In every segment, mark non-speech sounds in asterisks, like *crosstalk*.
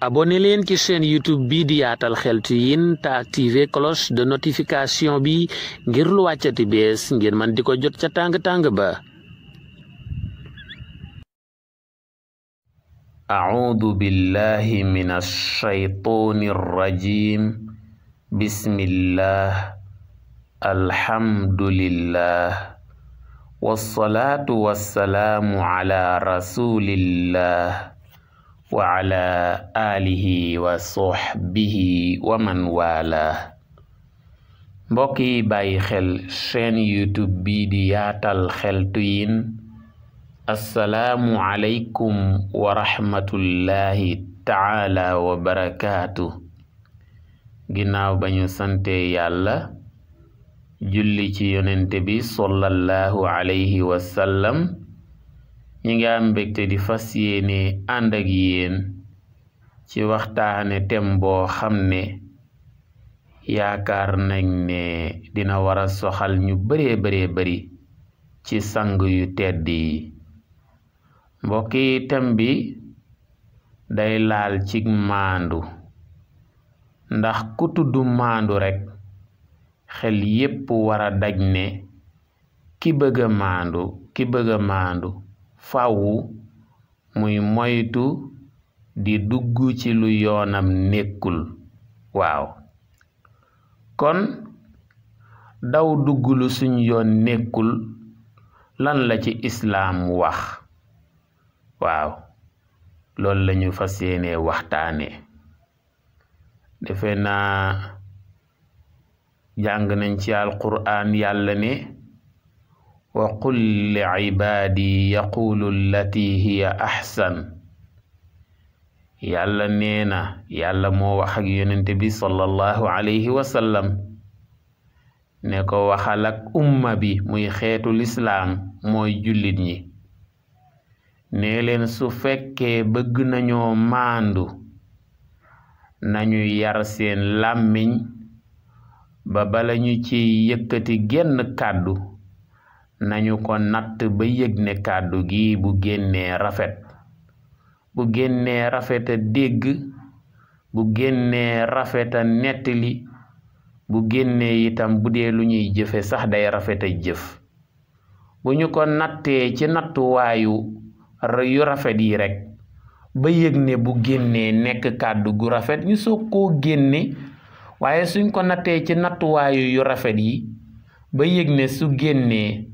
abonné leen ci seen youtube bi di yaatal xeltu yin te cloche de notification bi ngir lu wàccati bees ngir man di ko jot ca tàng-tàng ba أعوذ بالله من الشيطان الرجيم بسم الله الحمد لله والصلاة والسلام على رسول وعلى آله وصحبه ومن والاه mbokk yi bàyyi xel chaîne youtube bi di yaatal xeltu yin assalaamu aleykum wa rahmatullahi taala wa barakaatu ginnaaw bañu ñu sante yàlla julli ci yonente bi sallallahu alayhi wa sallam ñi ngi am mbégte di fas yéene ànd ak yéen ci waxtaane tem boo xam ne yaakaar nañ ne dina wara soxal ñu baree baree bari ci sang yu tedd yi mbokk tem bi day laal ci maandu ndax ku tudd maandu rekk xel yépp war a daj ne ki bëgg a ki bëgg a fàwwu muy moytu di dugg ci lu yoonam nekkul waaw kon daw dugg lu suñ yoon nekkul lan la ci islaam wax waaw loolu lañu fa yéene waxtaane defe naa jàng nañ ci alquran yàlla ne وقل لعبادي يقول التي هي أحسن yàlla nee na yàlla moo wax ak yonente bi sallallahu alayhi wa sallam ne ko waxal ak umma bi muy xeetu lislaam mooy jullit ñi nee leen su fekkee bëgg nañoo maandu nañu yar seen làmmiñ ba bala ñu ci yëkkati genn kàddu nañu ko natt ba yëg ne kàddu gi bu génnee rafet bu génnee rafeta dégg bu génnee rafeta nettali bu génnee itam bu dee lu ñuy jëfe sax day rafet a jëf bu ñu ko nattee ci nattuwaayu yu rafet yi rekk ba yëg ne bu génnee nekk kàddu gu rafet ñu soog koo génne waaye suñ ko nattee ci nattuwaayu yu rafet yi ba yëg ne su génnee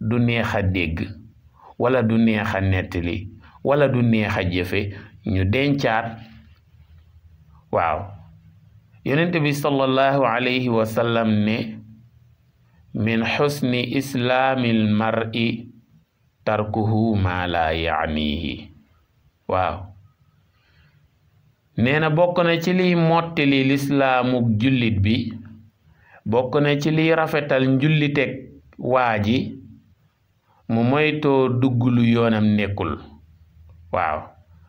du neex a dégg wala du neex a wala du neex a jëfe ñu dencaat waaw yonent bi sallallahu alayhi wa ne min xusni islaamil mar'i tarkuhu ma la yaanihi waaw nee bokk na ci liy mottali lislaamuk jullit bi bokk na ci li rafetal njulliteg waa ji mu moytoo dugg lu yoonam nekkul waaw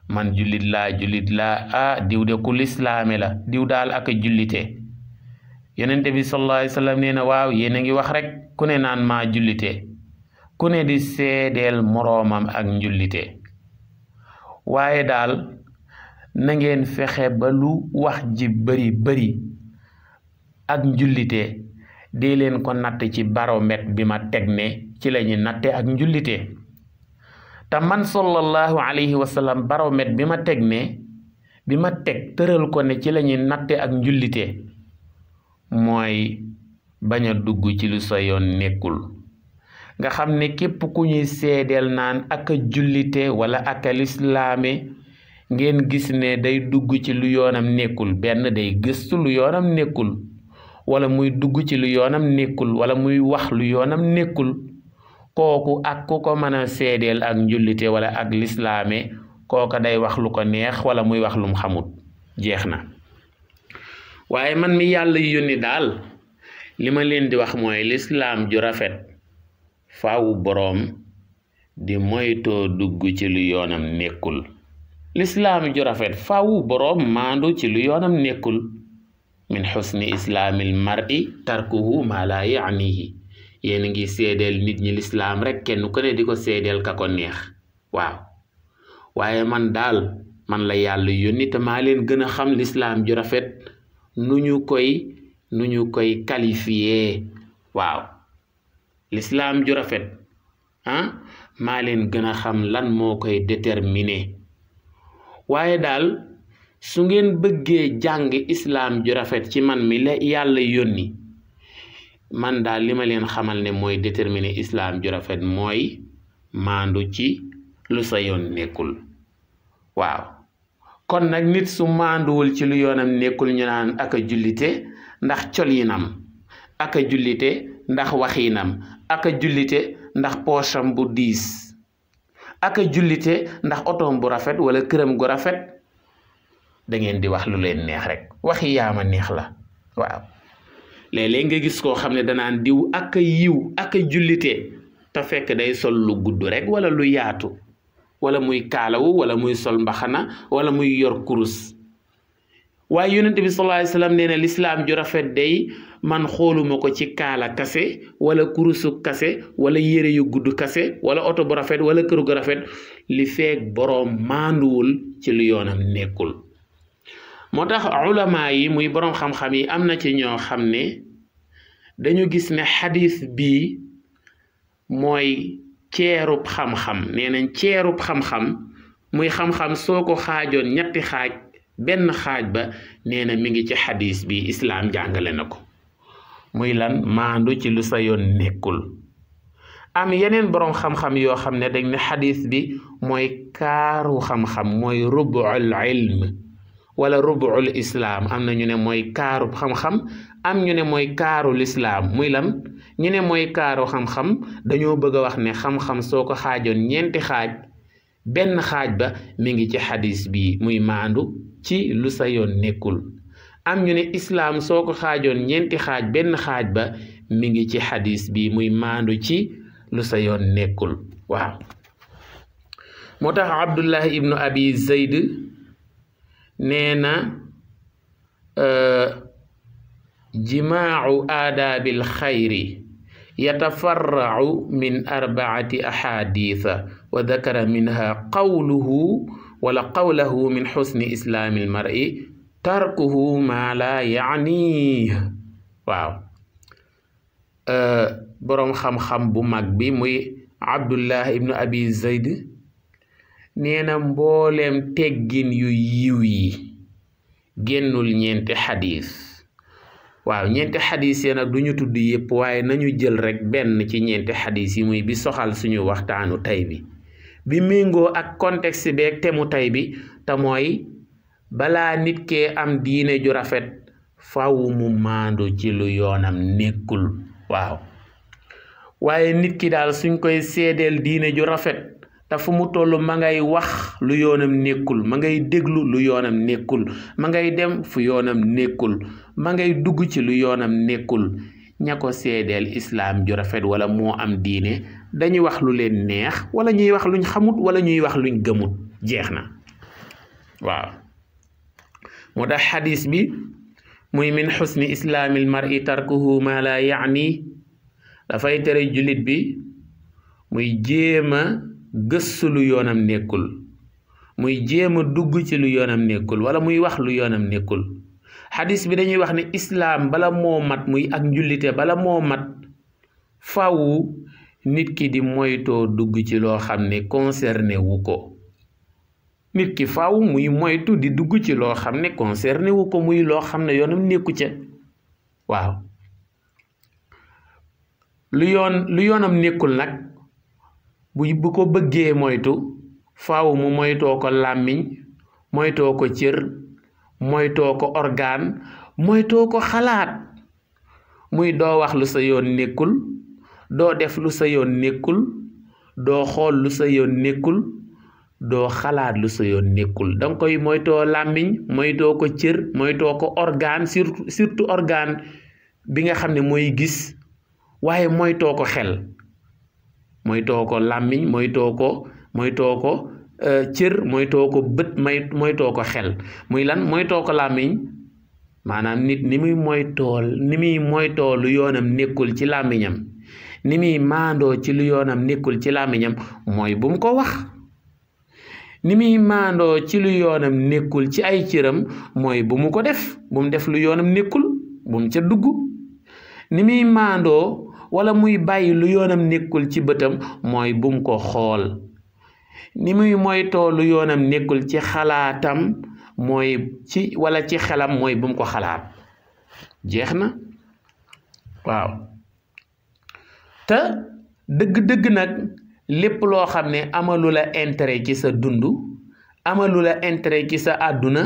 man julit la jullit la ah diw ku lislaame la diw daal ak jullite yonente bi sallallahu alayhi wasallam waaw yéen ngi wax rek ku ne naan maa jullite ku di seedeel moroomam ak njullite waaye daal na ngeen fexe ba lu wax ji bari bari ak njullite dee ko natt ci baromètre bi ma teg ne ci lañuy natte ak njullitee te man sallallahu alayhi wa sallam baromètre bi ma teg ne bi ma teg tëral ko ne ci lañuy natte ak njullitee mooy bañ a dugg ci lu sa yoon nekkul nga xam ne képp ku ñuy seedeel naan ak a jullite wala ak a lislaame ngeen gis ne day dugg ci lu yoonam nekkul benn day gëstu lu yoonam nekkul wala muy dugg ci lu yoonam nekkul wala muy wax lu yoonam nekkul kooku ak ku ko mën a seedeel ak njulite wala ak lislaame kooka day wax lu ko neex wala muy wax lum xamut jeex na waaye man mi yàlla yónni daal li ma leen di wax mooy lislaam ju rafet faw boroom di moytoo dugg ci lu yoonam nekkul lislaam ju rafet faw boroom maandu ci lu yoonam nekkul min xusni islaamil mar'i tarkuhu ma la yaanihi yéen a ngi seedeel nit ñi lislaam rek kenn ku ne di ko seedeel ka ko neex waaw waaye man daal man la yàlla yónni te maa leen gën a xam lislaam ju rafet nu ñu koy nu ñu koy qualifié waaw lislaam ju rafet ah maa leen gën a xam lan moo koy déterminer waaye daal su ngeen bëggee jàng islaam ju rafet ci man mi la yàlla yónni man daal li ma leen xamal ne mooy déterminer islaam ju rafet mooy maandu ci lu sa nekkul waaw kon nag nit su maanduwul ci lu yoonam nekkul ñu naan ak a jullite ndax colinam ak a jullite ndax waxiinam ak a jullite ndax poosam bu diis ak a jullite ndax otoom bu rafet wala këram gu rafet da ngeen di wax lu leen neex rek waxi yaama neex la waaw léeg-léeg nga gis koo xam ne danaan diw ak yiw ak a jullite te fekk day sol lu gudd rek wala lu yaatu wala muy kaalawu wala muy sol mbaxana wala muy yor kurus waaye yonent bi sallallahu alayhi wasallam nee na lislaam ju rafet day man xooluma ko ci kaala kase wala kurusu kase wala yére yu gudd kase wala oto bu rafet wala kër gu rafet li feek boroom maanduwul ci lu yoonam nekkul moo tax ulama yi muy boroom xam-xam yi am na ci ñoo xam ne dañu gis ne xadiis bii mooy ceerub xam-xam nee nañ ceerub xam-xam muy xam-xam soo ko xaajoon ñetti xaaj benn xaaj ba nee mu ngi ci xadis bi islaam jàngale na ko muy lan maandu ci lu sa yoon nekkul am yeneen boroom xam-xam yoo xam ne dañ ne xadiis bi mooy kaaru xam-xam mooy rubuul ilm wala rubuul islaam am na ñu ne mooy kaaru xam-xam am ñu ne mooy kaaru lislaam muy lam ñu ne mooy kaaru xam-xam dañoo bëgg a wax ne xam-xam soo ko xaajoon ñeenti xaaj benn xaaj ba mi ngi ci xadiis bi muy maandu ci lu sa yoon nekkul am ñu ne islaam soo xaajoon ñeenti xaaj benn xaaj ba mi ngi ci xadis bi muy maandu ci lu sa yoon nekkul waaw moo tax Abdullah ibnu Abi Zayd nee na eh, jimaacu aadaabil xayri yatafarracu min arbaati axaadiisa wa dakara minha qawluhu wala qawlahu min xusni islaami almar'i tarkuhu maa laa yaaniih waaw eh, boroom xam-xam bu mag bi muy abdullah ibnu abi zayd nee na mbooleem teggin yu yiw yi génnul ñeenti xadis waaw ñeenti xadis yi nag du ñu tudd yépp waaye nañu jël rekk benn ci ñeenti xadis yi muy bi soxal suñu waxtaanu tey bi bi méngoo ak contexte beeg temu tey bi te mooy balaa nit kee am diine ju rafet faw mu maandu ci lu yoonam nekkul waaw waaye nit ki daal suñ koy seedeel diine ju rafet te fu mu toll ma ngay wax lu yoonam nekkul ma ngay déglu yoonam nekkul ma ngay dem fu yoonam nekkul ma ngay dugg ci lu yoonam nekkul ña ko seedeel islaam ju rafet wala moo am diine dañuy wax lu leen neex wala ñuy wax luñ xamut wala ñuy wax luñ gëmut jeex na waaw moo tax xadis bi muy min xusni islaamil mar'i tarkuhu ma la yaani dafay tere jullit bi muy jéema gëstu yoonam nekkul muy jéem a dugg ci lu yoonam nekkul wala muy wax lu yoonam nekkul xadis bi dañuy wax ne islaam bala moo mat muy ak njullite bala moo mat faw nit ki di moytoo dugg ci loo xam ne concerné ko nit ki faw muy moytu di dugg ci loo xam ne wu ko muy loo xam ne yoonam nekku ca waaw lu yoon lu yoonam nekkul nag bu bu ko bëggee moytu faaw mu moytoo ko làmmiñ moytoo ko cër moytoo ko organe moytoo ko xalaat muy doo wax lu sa yoon nekkul doo def lu sa yoon nekkul doo xool lu sa yoon nekkul doo xalaat lu sa yoon nekkul danga koy moytoo làmmiñ moytoo ko cër moytoo ko organe surtout surtout organe bi nga xam ne mooy gis waaye moytoo ko xel mooy tooko làmmiñ moytoo ko moytoo ko euh, cër moytoo ko bët may moytoo ko xel muy lan moytoo ko làmmiñ maanaam nit ni muy moytool ni muy moytoo lu yoonam nekkul ci làmmiñam ni muy maandoo ci yoonam nekkul ci làmmiñam mooy bu mu ko wax ni muy màndoo ci lu yoonam nekkul ci ay cëram mooy bu mu ko def bu mu def lu yoonam nekkul bu mu ca dugg ni muy maandoo wala muy bàyyi lu yoonam nekkul ci bëtam mooy bum ko xool ni muy moytoo lu yoonam nekkul ci xalaatam mooy ci wala ci xelam mooy bum ko xalaat jeex na waaw te dëgg-dëgg nag lépp loo xam ne amalu la ci sa dund amalu la intérêt ci sa àdduna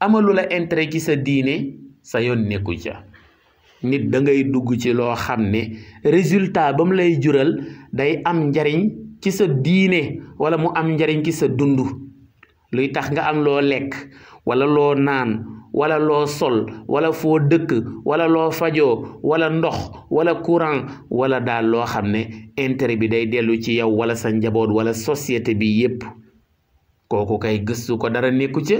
amalula la intérêt ci sa diine sa yoon nekkul ca nit da ngay dugg ci loo xam ne résultat ba mu lay jural day am njariñ ci sa diine wala mu am njariñ ci sa dund luy tax nga am loo lekk walla loo naan walla loo sol wala foo dëkk wala loo fajoo wala ndox wala courant wala daal loo xam ne intérêt bi day dellu ci yow wala sa njaboot wala société bi yépp kooku kay gëstu ko dara nekku ca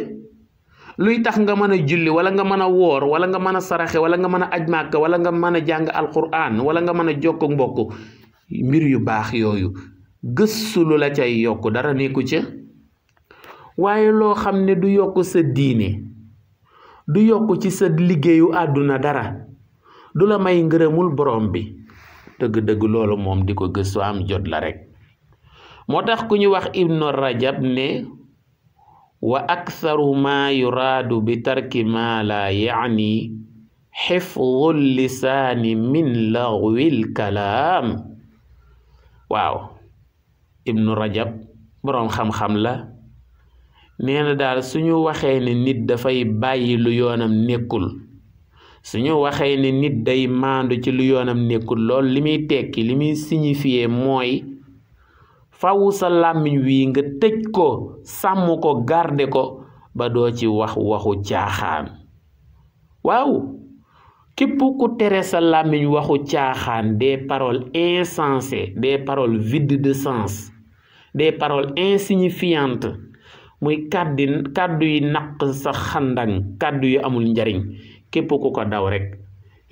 luy tax nga mën a julli wala nga mën a woor wala nga mën a saraxe wala nga mën a aj màkka wala nga mën a jàng alquran wala nga mën a jokk mbokk mbir yu baax yooyu gëstu lu la cay yokk dara nekku ca waaye loo xam ne du yokk sa diine du yokk ci sa liggéeyu àdduna dara du la may ngërëmul borom bi dëgg-dëgg loolu moom di ko gëstu am jot la rek moo tax ku ñu wax ibnu rajab ne wa aktharu yu yuraadu bi tarki ma la yaani xifdu lisaani min lagwil kalaam waaw ibnu rajab boroom xam-xam la nee na daal suñu waxee ne nit dafay bàyyi lu yoonam nekkul suñu waxee ne nit day maandu ci lu yoonam nekkul lool li muy tekki li muy signifier mooy fawu sa làmmiñ wi nga tëj ko sàmm ko garde ko ba doo ci wax waxu caaxaan waaw képp ku tere sa làmmiñ waxu caaxaan des paroles insensées des paroles vides de sens des paroles insignifiantes muy kàddi kàddu yi naq sa xandang kàddu yu amul njariñ képp ku ko daw rekk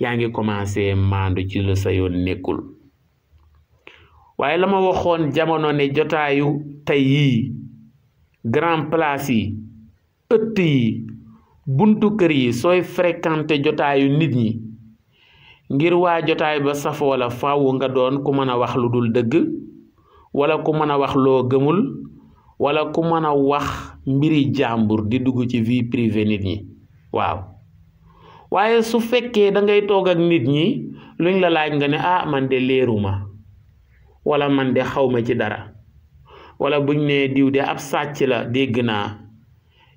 yaa ngi commencé maandu ci lu sa yoon nekkul waaye lama waxoon jamono ne jotaayu tey yii grand place yi ëtt yi buntu kër yi sooy fréquenté jotaayu nit ñi ngir waa jotaay ba safoo la faaw nga doon ku mën a wax lu dul dëgg wala ku mën a wax loo gëmul wala ku mën a wax mbiri jàmbur di dugg ci vie privée nit ñi waaw waaye su fekkee da toog ak nit ñi luñ la laaj nga ne ah man de leeruma wala man de xawma ci dara wala buñ ne diw de ab sàcc la dégg naa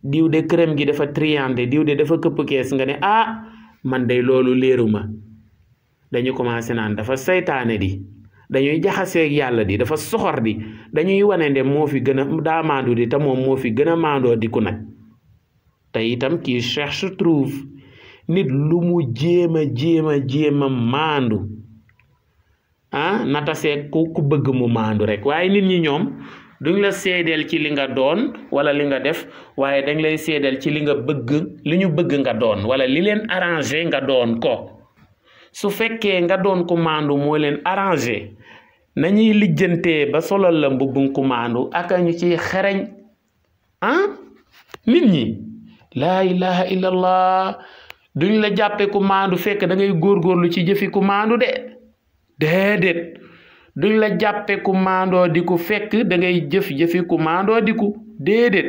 diw de këram gi dafa triandé diw de dafa këpp kees nga ne ah man de loolu léeruma dañu commencé naan dafa seytaane di dañuy jaxaseeg yàlla di dafa soxor di dañuy wane ne moo fi gën a daa maandu di te moom moo fi gën a maandoo di nag te itam kii cherche trouve nit lu mu jéem a jéem a jéem a maandu ah na taseeg ku bëgg mu maandu rek waaye nit ñi ñoom duñ la seedeel ci li nga doon wala li nga def waaye dañ lay seedeel ci li nga bëgg li ñu bëgg nga doon wala li leen arrangé nga doon ko su fekkee nga doon ku maandu moo leen arrangé nañuy lijjante ba solal la mbubbum ku maandu ak ñu ciy xereñ ah nit ñi laa ilaha illallah duñ la jàppee ku maandu fekk da ngay góorgóorlu ci jëfi ku maandu de déedéet duñ la jàppe ku maandoo di ku fekk da jëf-jëfi ku maandoo di ku déedéet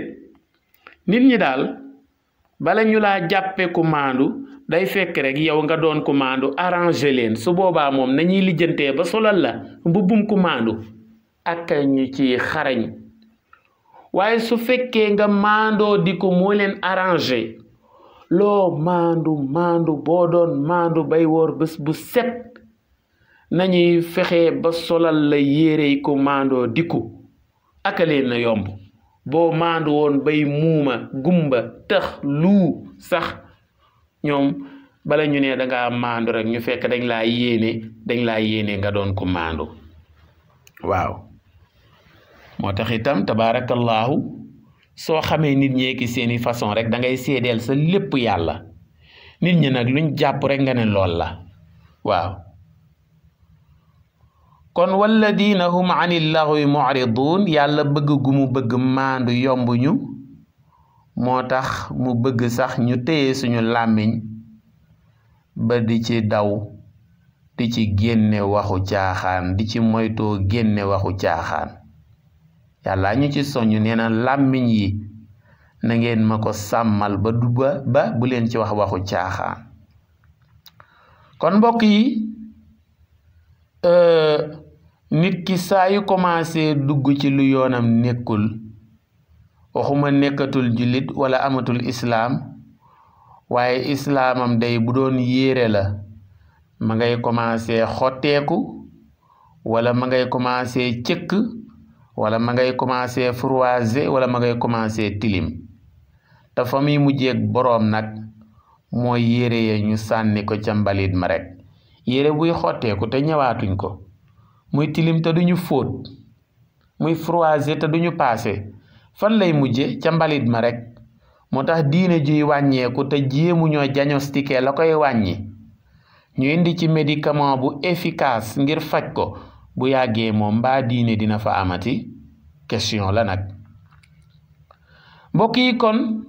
nit ñi daal bala ñu laa jàppe ku maandu day fekk rek yow nga doon ku maandu arrangé leen su boobaa moom nañuy lijjantee ba solal la mbubbum ku maandu ak ci xarañ waaye su fekkee nga maandoo di ko moo leen arrangé loo maandu maandu boo doon maandu bay woor bés bu set nañuy fexe ba solal la yérey ko maandoo dikku akaleen na yomb boo maandu woon bay muuma gumba tax lu sax ñoom bala ñu ne danga maandu rek ñu fekk dañ la yéene dañ la yéene nga doon ko maandu waaw moo tax itam tabaarakallaahu soo xamee nit ñee ki seeni façon rek da ngay seedeel sa lépp yàlla nit ñi nag luñ jàpp rek nga ne lool la waaw kon walladina hum anil laxwi mu'ridun yàlla bëgg gu mu bëgg maandu yomb moo tax mu bëgg sax ñu téye suñu làmmiñ ba di ci daw di ci génne waxu caaxaan di ci moytoo génne waxu caaxaan yàlla ñu ci soñu nee làmmiñ yi na ngeen ma ko sàmmal ba du ba bu leen ci wax waxu caaxaan kon mbokk yi euh, nit ki saa yu commencé dugg ci lu yoonam nekkul waxuma nekkatul jullit wala amatul islaam waaye islaamam day bu doon yére la ma ngay commencé xotteeku wala ma ngay commencé cëkk wala ma ngay commencé froissé wala ma ngay commencé tilim te fa muy mujjeeg boroom nag mooy yére ya ñu sànni ko ca mbalit ma rek yére buy xotteeku te ñëwaatuñ ko muy tilim te duñu fóot muy froissé te duñu paase fan lay mujje ca mbalit ma rekk moo tax diine juy wàññeeku te jéemu ñoo diagnostiqué la koy wàññi ñu indi ci médicament bu efficace ngir faj ko bu yàggee moom mbaa diine dina fa amati question la nag mbokk kon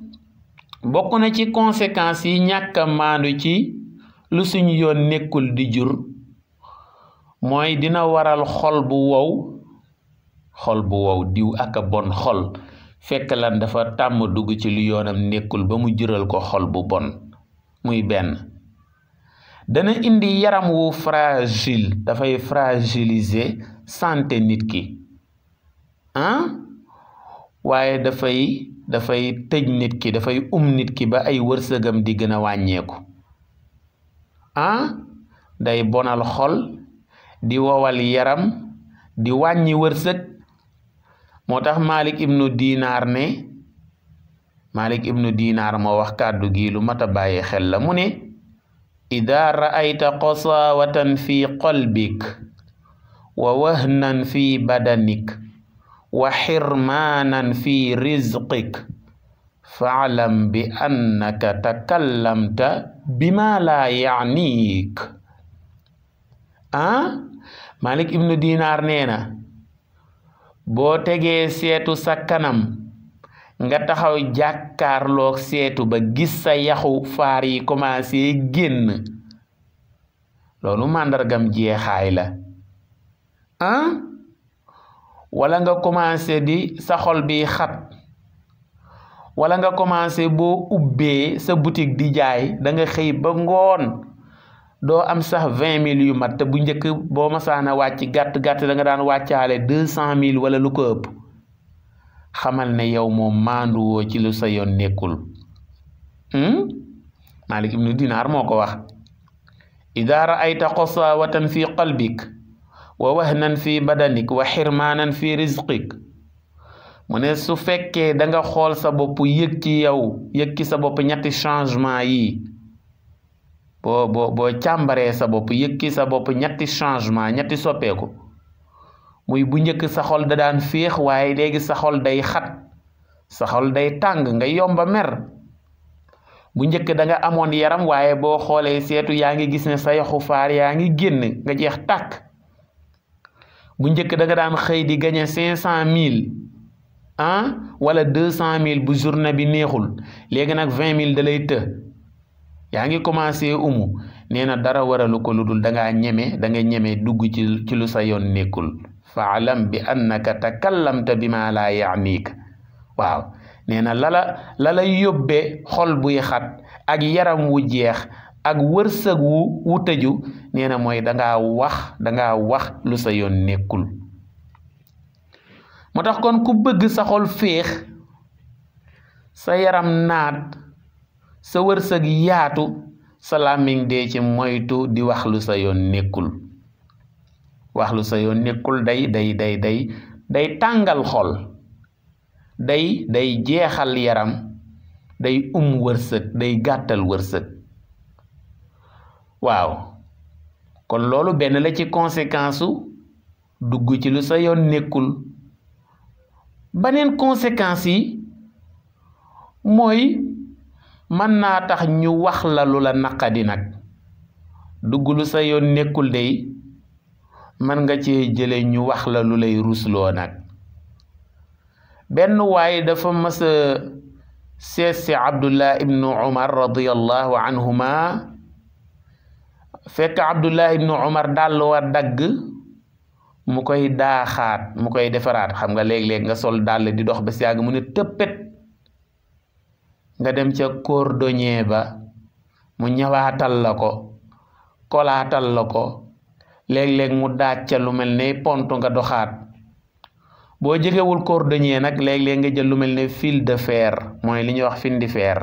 bokk na ci conséquences yi ñàkk a ci lu suñu yoon nekkul di jur mooy dina waral xol bu wow xol bu wow diw ak bon xol fekk lan dafa tàmm dugg ci lu yoonam nekkul ba mu jural ko xol bu bon muy benn dana indi yaram wu fragile dafay fragiliser santé nit ki ah waaye dafay dafay tëj nit ki dafay um nit ki ba ay wërsëgam di gën a wàññeeku ah day bonal xol di wowal yaram di wàññi wërsëk moo tax Malik ibnu Dinaar ne Malik ibnu Dinaar moo wax kàddu gi lu mat a bàyyi xel la mu ne ida ra'ayta qasawatan fi qalbik wa wahnan fi badanik wa xirmaanan fi rizqik fa'lam bi annaka takallamta bima la ya'nik ah malik ibnu dinaar nee na boo tegee seetu sa kanam nga taxaw jàkkaarloog seetu ba gis sa yaxu faar yi commencé génn loolu màndargam jeexaay la ah wala nga commencé di sa xol bi xat wala nga commencé boo ubbee sa butik di jaay danga nga xëy ba ngoon doo am sax vingt mille yu mat te bu njëkk boo masaana wàcc gàtt gàtt da nga daan wàccaale deux cent mille wala lu ko ëpp xamal ne yow moom maanduwoo ci lu sa yoon nekkul hmm? Malik ibnu Dinaar moo ko wax ida raayta qosaawatan fi qalbik wa wahnan fi badanik wa xirmaanan fi rizqik mu ne su fekkee danga xool sa bopp yëg ci yow yëg ci sa bopp ñetti changement yii boo boo boo càmbaree sa bopp yëkki sa bopp ñetti changement ñetti soppeeku muy bu njëkk saxool xol da daan féex waaye léegi saxool day xat sa day tàng nga yomba mer bu njëkk danga amoon yaram waaye boo xoolee seetu yaa ngi gis ne sa yaxu faar yaa ngi génn nga jeex tàkk bu njëkk danga daan xëy di gañe cinq cent mille ah wala deux cent mille bu journée bi neexul léegi nag vingt mille da lay të yaa ngi commencé umu nee na dara waralu ko lu dul da ngaa ñeme da nga ñeme dugg ci ci lu sa yoon nekkul faalam bi annaka takallamta bi ma laa yaaniik waaw nee na lala lala yóbbe xol buy xat ak yaram wu jeex ak wërsëg wu wu tëju nee mooy dangaa wax dangaa wax lu sa yoon nekkul moo tax kon ku bëgg sa xol féex sa yaram naat sa wërsëg yaatu sa làmmiñ dee ci moytu di wax lu sa yoon nekkul wax lu sa yoon nekkul day day day day day tàngal xol day day jeexal yaram day um wërsëg day gàttal wërsëg waaw kon loolu benn la ci conséquence su dugg ci lu sa yoon nekkul baneen conséquence yi mooy mën naa tax ñu wax la lu la naqadi nag dugg lu sa yoon nekkul dey mën nga cee jële ñu wax la lu lay rusloo nag benn waaye dafa mës a seet si Abdullah ibnu Umar radiyallahu anhuma fekk Abdullah ibnu Umar dàll wa dagg mu koy daaxaat mu koy defaraat xam nga léeg-léeg nga sol dàll di dox ba si yàgg mu ne tëppet nga dem ca cordonnier ba mu ñawaatal la ko kolaatal la ko léeg-léeg mu daaj ca lu mel ne pont nga doxaat boo jegewul cordonnier nag léeg-léeg nga jël lu mel ne fil de fer mooy li ñuy wax fin di fer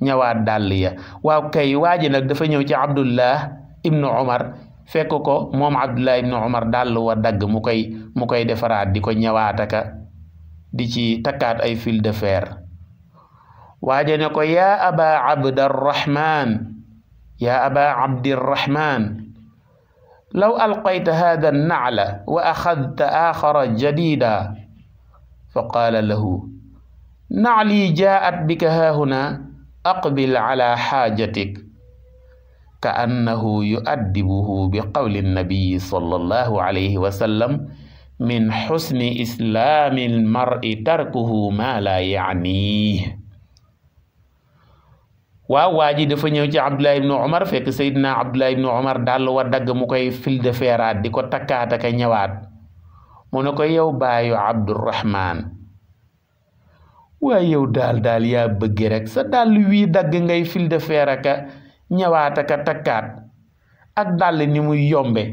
ñawaat dàll ya waaw kay waa ji nag dafa ñëw ci abdullah ibnu omar fekk ko moom abdullah ibnu omar dàll wa dagg mu koy mu koy defaraat di ko ñawaataka di ci takkaat ay fil de fer waaje ne ko yaa aba abdarrahman yaa aba abdirrahman law alqayta hada annacla wa axadta axara jadida fa qaala lahu naclii jaat bika haahuna aqbil ala xaajatik ka annahu yuaddibuhu bi qawli nnabiyi sallallahu alayhi wa sallam min xusni islaami almar'i tarkuhu ma la yaaniih waaw waa ji dafa ñëw ci abdullah ibnu omar fekk seydina abdullah ibnu omar dàll wa dagg mu koy fil de feeraat di ko takkaat ak mu ne ko yow baayu abdurahman waaye yow daal daal yaa bëgg rek sa dàll wii dagg ngay fil de feer aka takkaat ak dàll ni muy yombe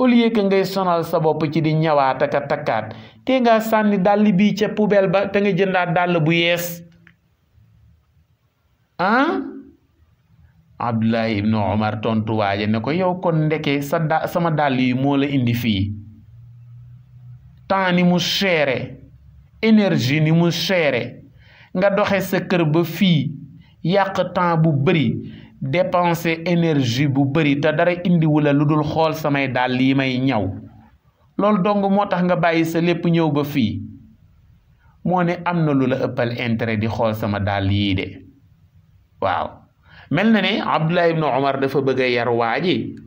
au ngay sonal sa bopp ci di ñëwaat aka takkaat te nga sànni dàll bii ca poubelle ba te nga jëndaat dàll bu yees ah Abdullahi ibnu Omar tontu waaje ne ko yow kon ndeke sa sama dàll yi moo la indi fii temps ni mu seere énergie ni mu seere nga doxe sa kër ba fii yàq temps bu bëri dépenser énergie bu bëri te dara indiwu la lu dul xool samay dàll yi may ñaw loolu dong moo tax nga bàyyi sa lépp ñëw ba fii moo ne am na lu la ëppal intere di xool sama dàll yii de waaw mel na ne abdullah ibnu omar dafa bëgg a yar waaji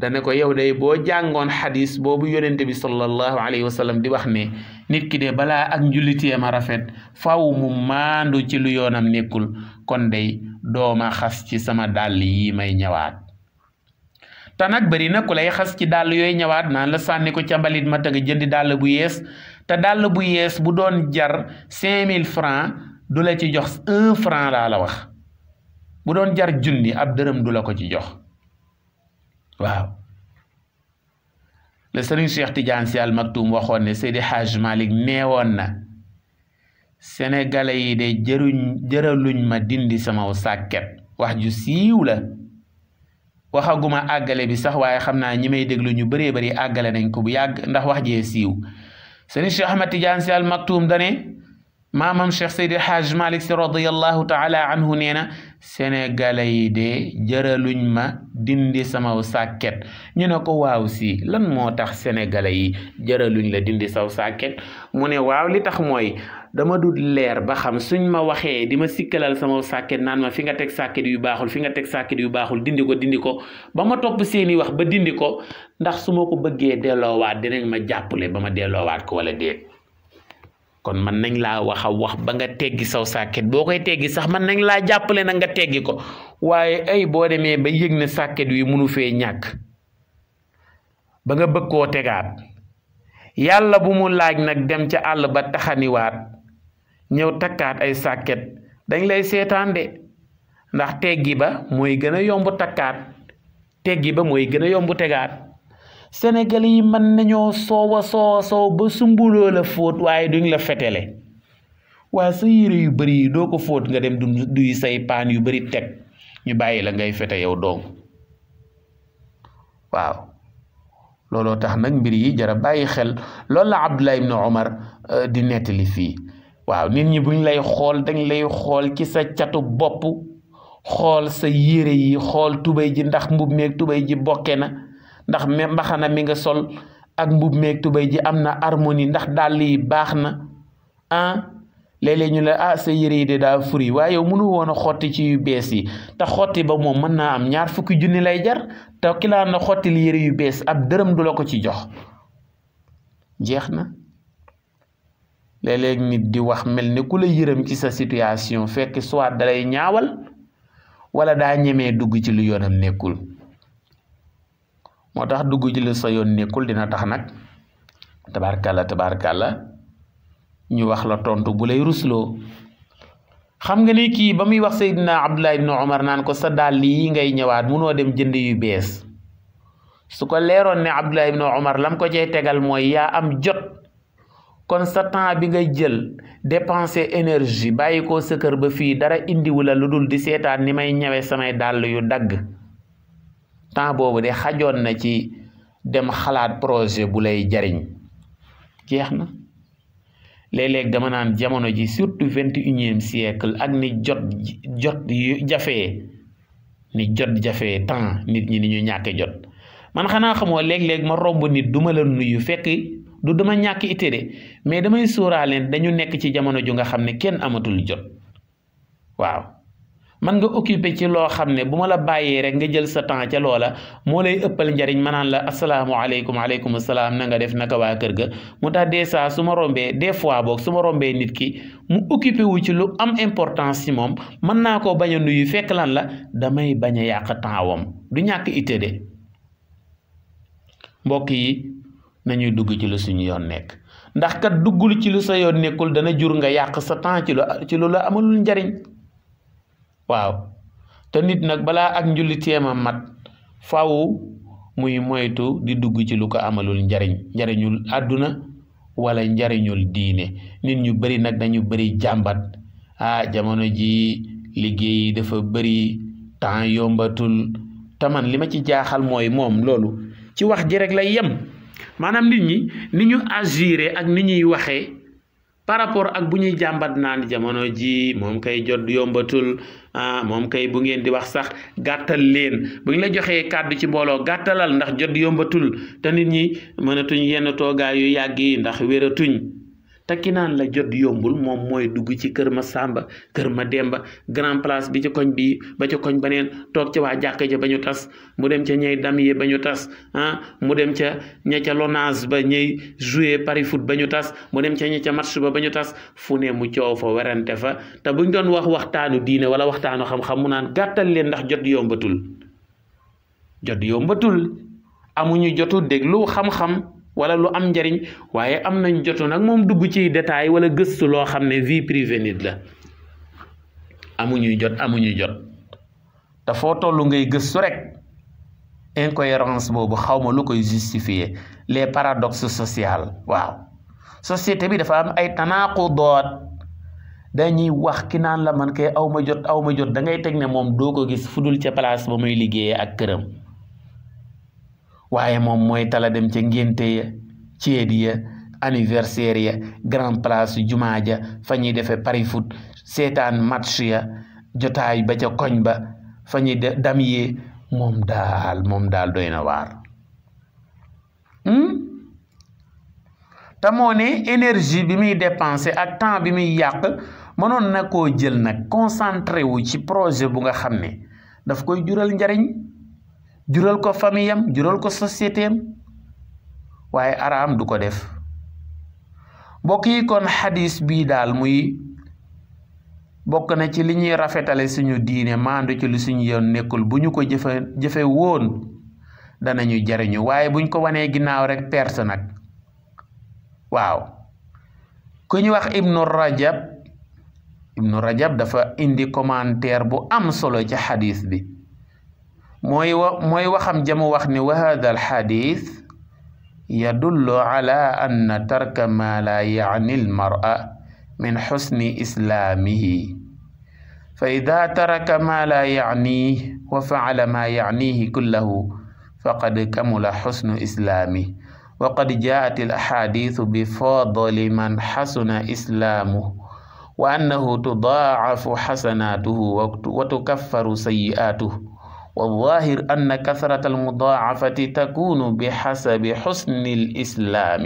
dane ko yow day boo jàngoon xadiis boobu yonente bi sallallahu alayhi wa di wax ne nit ki de balaa ak njulliteema rafet fawu mu maandu ci lu yoonam nekkul kon day dooma xas ci sama dàll yi may ñëwaat te nag bari na ku lay xas ci dàll yooyu ñëwaat naan la sànni ko ca ma te jëndi dàll bu yees te dàll bu yees bu doon jar cinq mille francs du la ci jox un franc laa la wax bu doon jar junni ab dërëm du la ko ci jox waaw le sëriñ Cheikh Tidiane Sy Al waxoon ne Seydi Hadj malik neewoon na sénégalais yi de jëruñ jëraluñ ma dindi sama sàkket wax ju siiw la waxaguma àggale bi sax waaye xam naa ñi may déglu ñu bëree bëri àggale nañ ko bu yàgg ndax wax jee siiw sëriñ Cheikh Ahmad Tidiane Sy Al dane maamam Cheikh Seydi Hadj Malick Sy radiyallahu taala anhu nee sénégalais yii de jëraluñ ma dindi samaw sàkket ñu ne ko waaw si lan moo tax sénégalais yi jëraluñ la dindi saw sàkket mu ne waaw li tax mooy dama dut leer ba xam suñ ma waxee di ma sikkalal sama sàkket naan ma fi nga teg sàkket yu baaxul fi nga teg sàkket yu baaxul dindi ko dindi ko ba ma topp seeni wax ba dindi ko ndax su ma ko bëggee delloowaat dinañ ma jàppale ba ma delloowaat ko wala de kon mën nañ laa wax wax ba nga teggi saw sàkket boo koy teggi sax man nañ laa jàppale na nga teggi ko waaye ay boo demee ba yëg ne sàkket wi munu fee ñàkk ba nga bëgg koo tegaat yàlla bu mu laaj nag dem ca àll ba taxaniwaat ñëw takkaat ay sàkket dañ lay seetaan de ndax teggi ba mooy gën a yomb takkaat teggi ba mooy gën a yomb tegaat Sénégal yi mën nañoo soowa soowa soow ba sumbuloo la fóot waaye duñ la fetele waa sa yére yu bëri yi doo ko fóot nga dem du say paan yu bëri teg ñu bàyyi la ngay fete yow doom waaw looloo tax nag mbir yi jara bàyyi xel lool la Abdullah ibn Omar euh, di nettali fii waaw nit ñi buñ lay xool dañ lay xool ci sa catu bopp xool sa yére yi xool tubéy ji ndax mbub meeg tubéy ji bokke na ndax me mbaxana mi nga sol ak mbub meeg tubay ji am na harmonie ndax dàll yi baax na ah léeg-léeg ñu ne ah sa yére yi de daa furi waaye yow mënu woon a xotti ci yu bees yi te xotti ba moom mën naa am ñaar fukki junni lay jar te ki na xotti li yére yu bees ab dërëm du la ko ci jox jeex na léeg nit di wax mel ni ku la yërëm ci sa situation fekk soit dalay ñaawal wala daa ñeme dugg ci lu yoonam nekkul moo tax dugg ci la sa yoon nekkul dina tax nag tabarkàlla tabarkàlla ñu wax la tontu bu lay rusloo xam nga ni kii ba muy wax Seydina Abdullah ibn Omar naan ko sa dàll yi ngay ñëwaat munoo dem jënd yu bees su ko leeroon ne Abdullah ibn Omar lam ko cee tegal mooy yaa am jot kon sa temps bi nga jël dépenser énergie bàyyi ko sa kër ba fii dara indiwu la lu dul di seetaan ni may ñawee samay dàll yu dagg temps boobu de xajoon na ci dem xalaat projet bu lay jariñ jeex na léeg-léeg dama naan jamono ji surtout vingt et unième siècle ak ni jot jot jafee ni jot jafe temps nit ñi ni ñu ñàkke jot man xanaa xamoo léeg-léeg ma romb nit duma la nuyu fekk du dama ñàkk ite de mais damay suuraaleen dañu nekk ci jamono ju nga xam ne kenn amatul jot waaw man nga occupé ci loo xam ne bu ma la bàyyee rek nga jël sa temps ca loola moo lay ëppal njariñ ma naan la asalaamualeykum aleykum salaam na nga def naka waa kër ga mu tax des saa suma rombee des fois boog su ma rombee nit ki mu occupé wu ci lu am importance si moom mën naa koo bañ a nuyu fekk lan la damay bañ a yàq temps wam du ñàkk itte de mbokk yi nañuy dugg ci lu suñu yoon nekk ndax kat duggul ci lu sa yoon nekkul dana jur nga yàq sa temps c lu ci lu la amalul njariñ waaw te nit nag balaa ak njulliteem a mat faaw muy moytu di dugg ci lu ko amalul njariñ njariñul àdduna walla njariñul diine nit ñu bari nag dañu bari jàmbat a ah, jamono ji liggéey dafa bari temps yombatul te man ci jaaxal mooy moom loolu ci wax ji rek lay yem maanaam nit ñi ni ñu agiré ak ni ñuy waxee par rapport ak bu ñuy jàmbat naan jamono ji moom kay jot yombatul ah moom kay bu ngeen di wax sax gàttal leen bu ñu la joxee kàddu ci mbooloo gàttalal ndax jot yombatul te nit ñi mënatuñ yenn toogaay yu yàgg yi ndax wératuñ te ki naan la jot yombul moom mooy dugg ci kër ma sàmba kër ma demba grand place bi ci koñ bi ba ci koñ ba baneen toog ci waa jàkk ja ba ñu tas mu dem ca ñey damier ba ñu tas ah mu dem ca ña ba ñey jouer pari foot ba ñu tas mu dem ca ña ca match ba ba ñu tas fu ne mu coow fa werante fa te buñ doon wax waxtaanu diine wala waxtaanu xam-xam mu naan gàttal leen ndax jot yombatul jot yombatul amuñu jotu déglu xam-xam wala lu am njariñ waaye am nañ jotu nag moom dugg ci détail wala gëstu loo xam ne vie privée nit la amuñuy jot amuñuy jot te foo toll ngay gëstu rek incohérence boobu xaw ma lu koy justifier les paradox sociaux waaw société bi dafa am ay tanaaqudoot dañuy wax ki naan la man kay aw ma jot aw ma jot da ngay teg ne moom doo ko gis fu dul ca place ba muy liggéeyee ak këram waaye moom mooy tala dem ca ngénte ya ceet ya anniversaire ya grand place jumaa fa ñuy defee pari foot seetaan match ya jotaay ba ca koñ ba fa ñuy dam yee moom daal moom daal doy na waar hmm? te moo énergie bi muy dépensé ak temps bi muy yàq mënoon na ko jël nag concentré wu ci projet bu nga xam ne daf koy jural njariñ jural ko famille jural ko société am waaye araam du ko def mbokk yi kon xadiis bii daal muy bokk na ci li ñuy rafetale suñu diine maandu ci lu suñu yoon nekkul bu ñu ko jëfe jëfe woon danañu jariñu waaye buñ ko wanee ginnaaw rek perte nag waaw ku ñu wax ibnu rajab ibnu rajab dafa indi commentaire bu am solo ci xadiis bi mooy wa mooy waxam jamu wax ni wa hada al xadis yadullu ala anna tarka ma la yaani al mar'a min xusni islaamihi fa ida taraka ma la yaaniih wa faala ma yaaniihi kullahu faqad kamula xusnu islaamih wa qad jaat al axaadiisu bi fadli man xasuna islaamuhu wa annahu tudaacafu xasanaatuhu wa tukaffaru sayi'aatuhu والظاهر أن كثرة المضاعفة تكون بحسب حسن الإسلام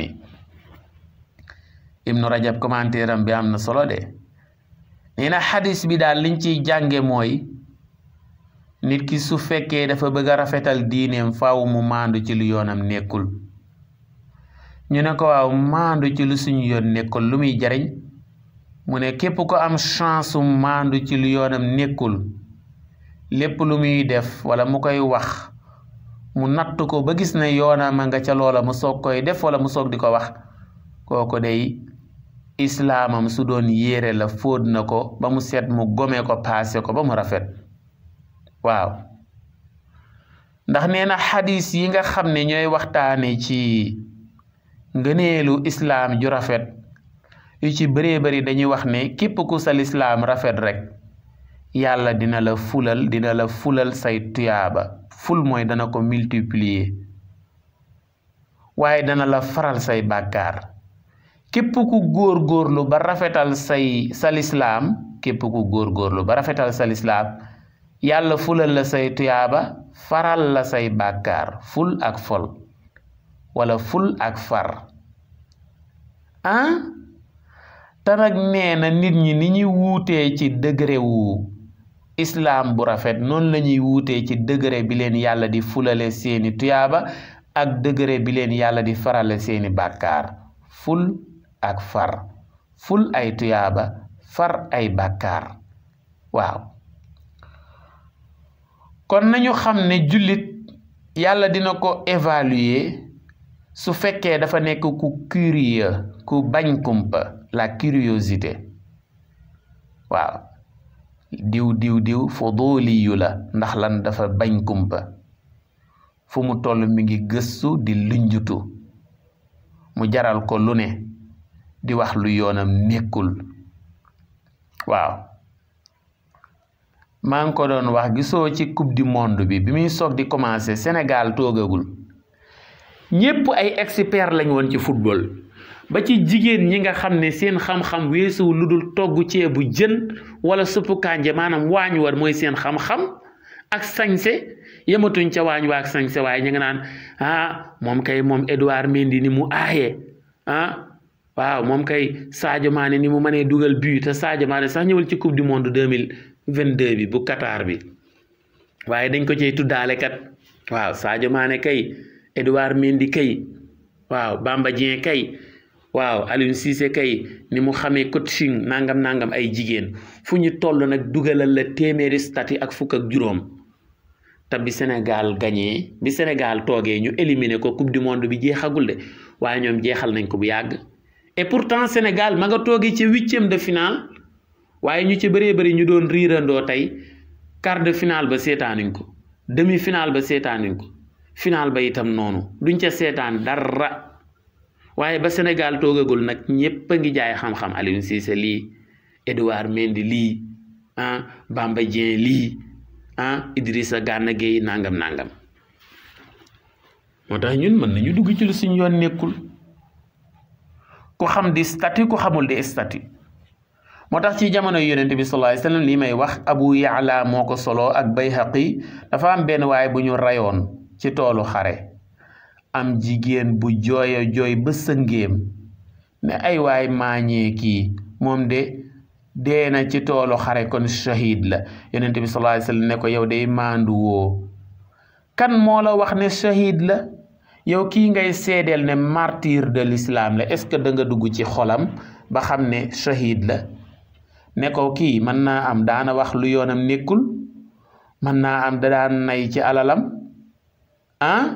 Ibnu Rajab commentaire am bi am na solo de nee na xadis bi daal liñ ciy jànge mooy nit ki su fekkee dafa bëgg a rafetal diineem faaw mu maandu ci lu yoonam nekkul ñu ne ko waaw maandu ci lu suñu yoon nekkul lu muy jariñ mu ne képp ko am chance maandu ci lu yoonam nekkul lépp lu muy def wala mu koy wax mu natt ko ba gis ne yoonam a nga ca loola mu soog koy def wala mu soog di ko wax kooku dey islaamam su doon yére la fóot na ko ba mu set mu gome ko paase ko ba mu rafet waaw ndax nee na xadis yi nga xam ne ñooy waxtaane ci ngëneelu islaam ju rafet yu ci bëree bëri dañuy wax ne képp ku sa lislaam rafet rek yàlla dina la fulal dina la fulal say tuyaaba ful mooy dana ko multiplier waaye dana la faral say bàkkaar képp ku góor-góorlu ba rafetal say sa lislaam képp ku góor-góorlu ba rafetal sa lislaam yàlla fulal la say tuyaaba faral la say bàkkaar ful ak fol wala ful ak far ah te nag nit ñi ni ñuy wuutee ci degré islaam bu rafet noonu lañuy ñuy ci degré bi leen yàlla di fulale seeni tuyaaba ak degré bi leen yàlla di farale seeni bàkkaar ful ak far ful ay tuyaaba far ay bàkkaar waaw kon nañu xam ne jullit yàlla dina ko évaluer su fekkee dafa nekk ku curieux ku bañ kumpa la curiosité waaw diw diw diw fuduli yu la ndax lan dafa bañ kumpa fu mu toll mi ngi gëstu di lunjutu mu jaral ko lu ne di wax lu yoonam nekkul waaw maa ngi ko doon wax gisoo ci coupe du monde bi bi muy soog di commencer Sénégal toogagul ñépp ay expert lañ woon ci football ba ci jigéen ñi nga xam ne seen xam-xam weesuwu lu dul togg ceebu jën wala suppu kànje maanaam waañ war mooy seen xam-xam ak sañse yematuñ ca waañ wa ak sañse waaye ñu ngi naan ah moom kay moom Edouard Mendy ni mu aayee ah waaw moom kay Sadio Mané ni mu mënee dugal but te Sadio Mané sax ñëwal ci coupe du monde deux mille vingt deux bi bu Qatar bi waaye dañ ko cay tuddaale kat waaw saajo maane kay Edouard Mendy kay waaw Bamba Dieng kay. waaw Aliou Cissé kay ni mu xamee coaching nangam nangam ay jigéen fu ñu toll nag dugalal la téeméeri stati ak fukk ak juróom te bi Sénégal gagné bi Sénégal toogee ñu éliminé ko coupe du monde bi jeexagul de waaye ñoom jeexal nañ ko bu yàgg et pourtant Sénégal ma nga toogee ci huitième de finale waaye ñu ci bëree bëri ñu doon riirandoo tey quart de final ba seetaanuñ ko demi finale ba seetaanuñ ko final ba itam noonu duñ ca seetaan dara. waaye ba Sénégal toogagul nag ñépp a ngi jaay xam-xam Aliou Cissé lii Edouard Mendy lii ah Bamba lii ah Idrissa Gana Gueye nangam nangam moo tax ñun mën nañu dugg ci lu suñu yoon nekkul ku xam di statut ku xamul di statut moo tax ci jamono yonente bi sallallahu alayhi wasallam lii may wax Abu Ya'la moo ko solo ak Bayhaqi dafa am benn waaye bu ñu rayoon ci toolu xare am jigéen bu jooya jooy ba sëngéem ne ay waay maañee kii moom de dee na ci toolu xare kon shahid la yonent bi ne ko yow day maandu kan moo la wax ne shahid la yow kii ngay seedeel ne martyr de l'islam la est-ce que da dugg ci xolam ba xam ne shahid la ne ko kii mën naa am daana wax lu yoonam nekkul mën naa am da daan nay ci alalam ah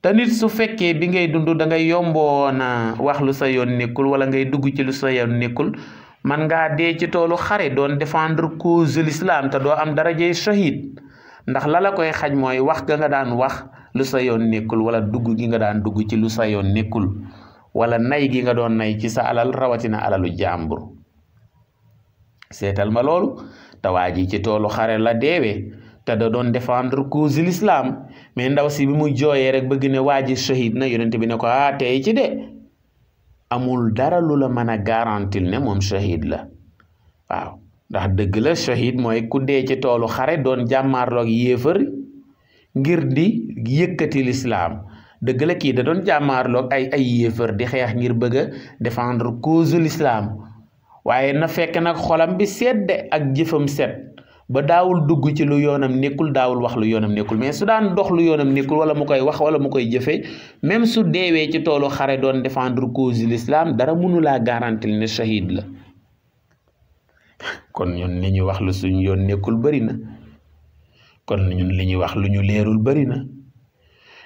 te nit su fekkee bi ngay dundu da ngay yomboona wax lu sa yoon nekkul wala ngay dugg ci lu sa yoon nekkul man ngaa dee ci toolu xare doon défendre cause l'islam te doo am dara darajey shahid ndax la la koy xaj mooy wax ga nga daan wax lu sa yoon nekkul wala dugg gi nga daan dugg ci lu sa yoon nekkul wala nay gi nga doon nay ci sa alal rawatina alalu jàmbur seetal ma loolu te waa ji ci toolu xare la deewee te da doon défendre cause l'islam mais ndaw si bi mu jooyee rek bëgg ne waa ji shahid na yonent bi ne ko ah tey ci de amul dara lu la mën a garantil ne moom shahid la waaw ndax dëgg la shahid mooy ku dee ci toolu xare doon jàmmaarloog yéefar ngir di yëkkati lislaam dëgg la kii da doon jàmmaarloog ay ay yéefar di xeex ngir bëgg a défendre cause l'islam waaye na fekk nag xolam bi sedd ak jëfam set ba daawul dugg ci lu yoonam nekkul daawul wax lu yoonam nekkul mais su daan dox lu yoonam nekkul wala mu koy wax wala mu koy jëfe même su deewee ci toolu xare doon défendre cause lislaam dara mënulaa garantil ne shahid la *laughs* kon ñun li ñuy wax lu suñu yoon nekkul bëri na kon li ñuy wax lu ñu leerul bëri na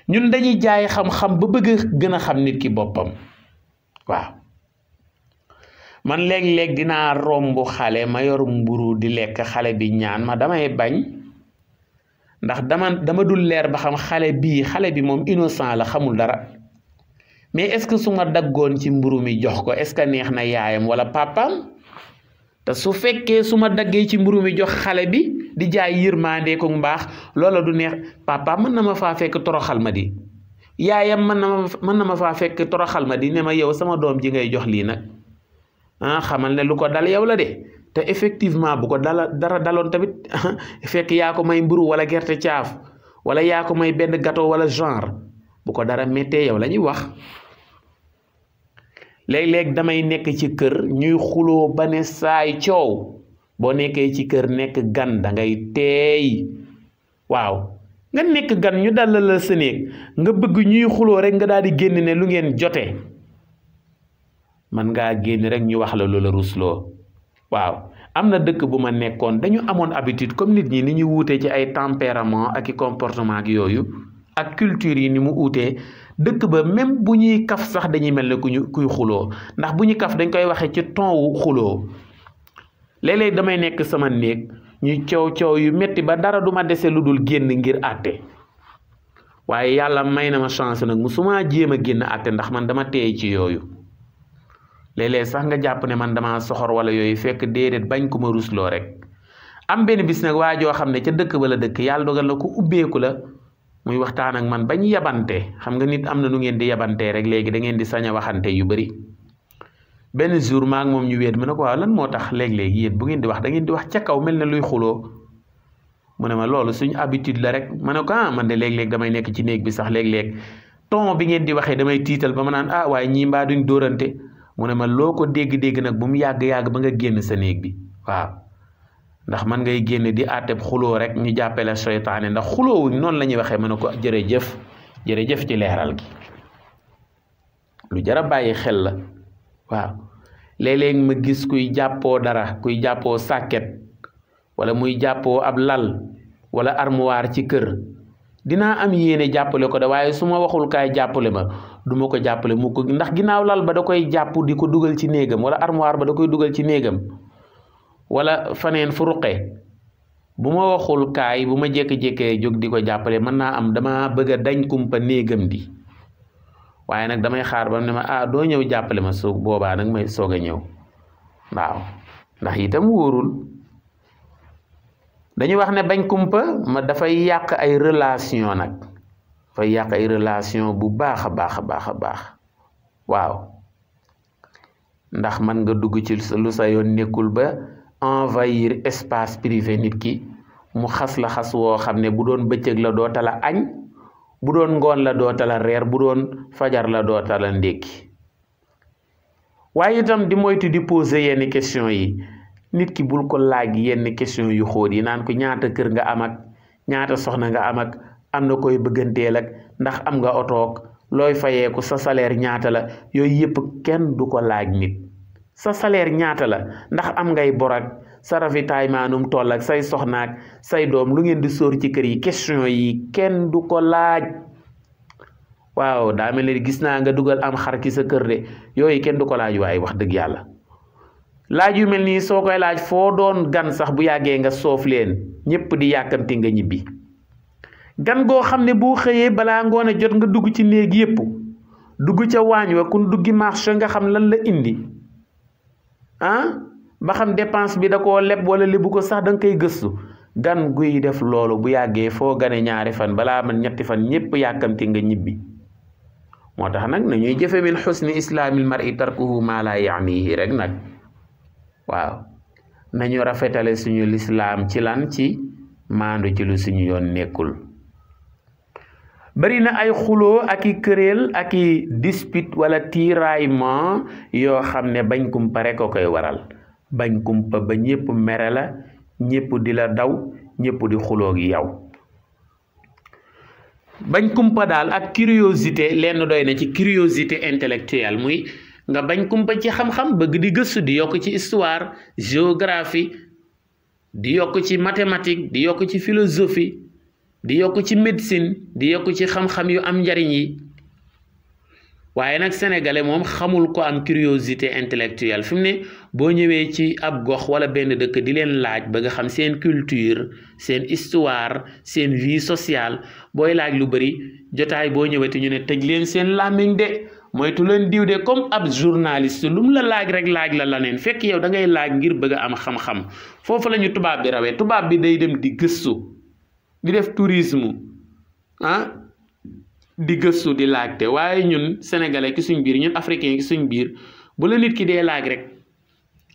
ñun dañuy jaay xam-xam ba bëgg a gën a xam nit ki boppam waaw man léeg-léeg dinaa romb xale ma yorum mburu di lekk xale bi ñaan ma damay bañ ndax dama dama dul leer ba xam xale bii xale bi moom innocent la xamul dara mais est-ce que su ma daggoon ci mburu mi jox ko est-ce que neex na yaayam wala papaam te su fekkee su ma daggee ci mburu mi jox xale bi di jaay yërmande ko mbaax loola du neex papaam mën na ma faa fekk toroxal ma di yaayam mën na mën na ma faa fekk toroxal ma di ne ma yow sama doom ji ngay jox lii nag ah xamal ne lu ko dal yow la de te effectivement bu ko dal dara daloon tamit *laughs* fekk yaa ko may mburu wala gerte caaf wala yaa ko may benn gato wala genre bu ko dara méttee yow lañuy wax léeg-léeg damay nekk ci kër ñuy xuloo ba ne saay coow boo nekkee ci kër nekk gan da ngay teey waaw nga nekk gan ñu dalal la sa néeg nga bëgg ñuy xuloo rek nga daal di génn ne lu ngeen jotee man ngaa génn rek ñu wax la loola rusloo waaw am na dëkk bu ma nekkoon dañu amoon habitude comme nit ñi ni ñu wuutee ci ay tempérament ak i comportement ak yooyu ak culture yi ni mu uutee dëkk ba même bu ñuy kaf sax dañuy mel ne ku ñu kuy xuloo ndax bu ñu kaf dañ koy waxee ci ton wu xuloo léeg damay nekk sama néeg ñu coow coow yu metti ba dara duma dese lu dul génn ngir àtte waaye yàlla may na ma chance nag musuma jéem a génn àtte ndax man dama téye ci yooyu léeg-léeg sax nga jàpp ne man dama soxor wala yooyu fekk déedéet bañ ku ma rusloo rek am benn bis nag waa joo xam ne ca dëkk ba la dëkk yàlla dogal na ku ubbeeku la muy waxtaan ak man bañ yabante xam nga nit am na nu ngeen di yabantee rek léegi da ngeen di sañ a waxante yu bëri benn jour maa moom ñu wéet mu ne ko lan moo tax léeg yéen bu ngeen di wax da ngeen di wax ca kaw mel ne luy xuloo mu ne ma loolu suñu habitude la rek ma ne ko ah man de léeg-léeg damay nekk ci néeg bi sax léeg-léeg ton bi ngeen di waxee damay tiital ba ma naan ah waaye ñii mbaa duñ mu ne ma loo ko dégg-dégg nag bu mu yàgg-yàgg ba nga génn sa néeg bi waaw ndax man ngay génn di àtteb xuloo rek ñu jàppee la seytaane ndax xuloo wuñ noonu la ñuy waxee man ne ko jërëjëf jërëjëf ci leeral gi lu jar a bàyyi xel la waaw léeg-léeg ma gis kuy jàppoo dara kuy jàppoo sàkket wala muy jàppoo ab lal wala armoire ci kër dinaa am yéene jàppale ko da waaye su ma waxul kaay jàppale ma duma ko jàppale mu ko ndax ginnaaw lal ba da koy jàpp di ko dugal ci néegam wala armoire ba da koy dugal ci néegam walla faneen fu ruqee bu ma waxul kaay bu ma jékki-jékkee jóg di ko jàppale mën naa am dama bëgg dañ kumpa néegam di waaye nag damay xaar ba ne ma ah doo ñëw jàppale ma soog boobaa nag may soog a ñëw waaw ndax itam wóorul dañuy wax ne bañ kumpa ma dafay yàq ay relation nag dafay yàq ay relation bu baax a baax a baax a baax waaw ndax mën nga dugg ci lu sa yoon nekkul ba envahir espace privé nit ki mu xas la xas woo xam ne bu doon bëccëg la doo tala añ bu doon ngoon la doo tala reer bu doon fajar la doo tala ndékki waaye itam di moytu di poser yenn question yi nit ki bul ko laaj yenn question yu xóot yi naan ko ñaata kër nga am ak ñaata soxna nga amak am na koy bëgganteel ak ndax am nga otoog looy fayeeku sa salaire ñaata la yooyu yëpp kenn du ko laaj nit sa salaire ñaata la ndax am ngay borak sa ravitaillement num toll ak say soxnaak say doom lu ngeen di sóor ci kër yi question yi kenn du ko laaj waaw daa mel ni gis naa nga dugal am xar sa kër yooyu kenn du ko laaj waaye wax dëgg yàlla laaj yu mel nii soo koy laaj foo doon gan sax bu yàggee nga soof leen ñépp di yàkkamti nga ñibbi gan goo xam ne boo xëyee balaa ngoon a jot nga dugg ci néeg yépp dugg ca waañ wa kun duggi marché nga xam lan la indi ah ba xam dépense bi da ko leb wala lebu ko sax danga nga koy gëstu gan guy def loolu bu yàggee foo gane ñaari fan balaa man ñetti fan ñépp yàkkamti nga ñibbi moo tax nag nañuy ñuy jëfe min xusni islaamil mar'i tarkuhu maa laa yaanihi rek nag waaw nañu rafetale suñu lislaam ci lan ci maandu ci lu suñu yoon nekkul bari na ay xuloo aki i këréel ak i dispute wala tiraillement yoo xam ne bañ kumpa rek a koy waral bañ kumpa ba ñépp mere la ñépp di la daw ñépp di xuloo gi yow bañ kumpa daal ak curiosité lenn doy na ci curiosité intellectuelle muy nga bañ kumpa ci xam-xam bëgg di gëstu di yokk ci histoire géographie di yokk ci mathématique di yokk ci philosophie di yokk ci médecine di yokk ci xam-xam yu am njariñ yi waaye nag sénégalais moom xamul ko am curiosité intellectuelle fi ne boo ñëwee ci ab gox wala benn dëkk di leen laaj ba nga xam seen culture seen histoire seen vie sociale booy laaj lu bëri jotaay boo ñëwati ñu ne tëj leen seen làmmiñ de moytu leen diw de comme ab journaliste lu mu la laaj rek laaj la la neen fekk yow dangay laaj ngir bëgg am xam-xam foofu la tubaab bi rawee tubaab bi day dem di gëstu. di def tourisme ah di gëstu di laajte waaye ñun sénégalais ki suñ biir ñun africain ki suñ biir bu la nit ki dee laaj rek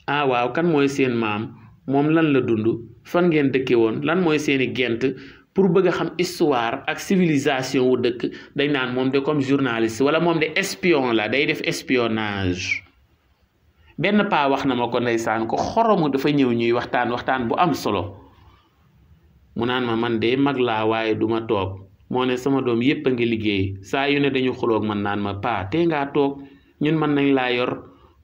ah waaw kan mooy seen maam moom lan la dund fan ngeen dëkke woon lan mooy seeni gent pour bëgg a xam histoire ak civilisation wu dëkk dañ naan moom de comme journaliste wala moom de espion la day def espionnage benn paa wax na ma ko ndeysaan ko xoromu dafa ñëw ñuy waxtaan waxtaan bu am solo mu naan ma man de mag laa waaye du duma toog moo ne sama doom yépp a ngi liggéey saa yu ne dañu xuloog man naan ma paa tee ngaa toog ñun mën nañ laa yor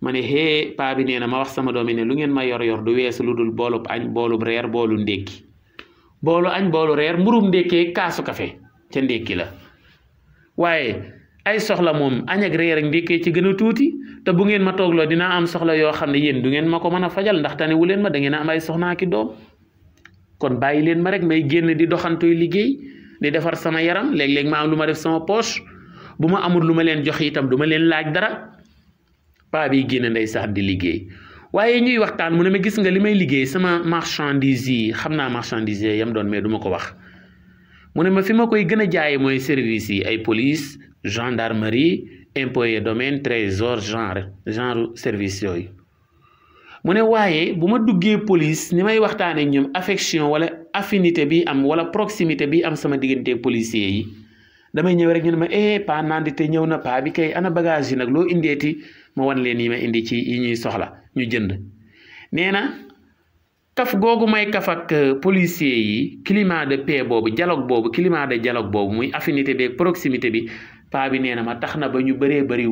ma ne hee paa bi nee na ma wax sama doom yi ne lu ngeen ma yor yor du weesu lu dul boolub añ boolu reer boolu ndékki boolu añ boolu reer mburum ndékkee kaasu kafe ca ndékki la waaye ay soxla moom añ ak reer ak ndékkee ci gën a tuuti te bu ngeen ma toog toogloo dina am soxla yoo xam ne yéen du ngeen ma ko mën a fajal ndax tane wu leen ma da ngeen am ay soxnaa doom kon bàyyi leen ma rek may génn di doxantuy liggéey di defar sama yaram léeg-léeg ma am lu ma def sama poche bu ma amul lu ma leen jox itam du ma leen laaj dara paa bi génn ndeysaan di liggéey waaye ñuy waxtaan mu ne ma gis nga li may liggéey sama marchandise yi xam naa marchandise yam doon mais du ma ko wax mu ne ma fi ma koy gën a jaayee mooy service yi ay police gendarmerie impôt et domaine trésor genre genre service yooyu mu ne waaye bu ma duggee police ni may waxtaanee ñoom affection wala affinité bi am wala proximité bi am sama digganteeg policier yi damay ñëw rek ñu ma eh paa nandite ñëw na paa bi kay ana bagage yi nag loo indeeti ma wan leen yi ma indi ci yi ñuy soxla ñu jënd nee na kaf googu may kaf euh, policier yi climat de paix boobu dialogue boobu climat de dialogue boobu muy affinité beeg proximité bi paa bi nee na ma tax na ba ñu bëree bëri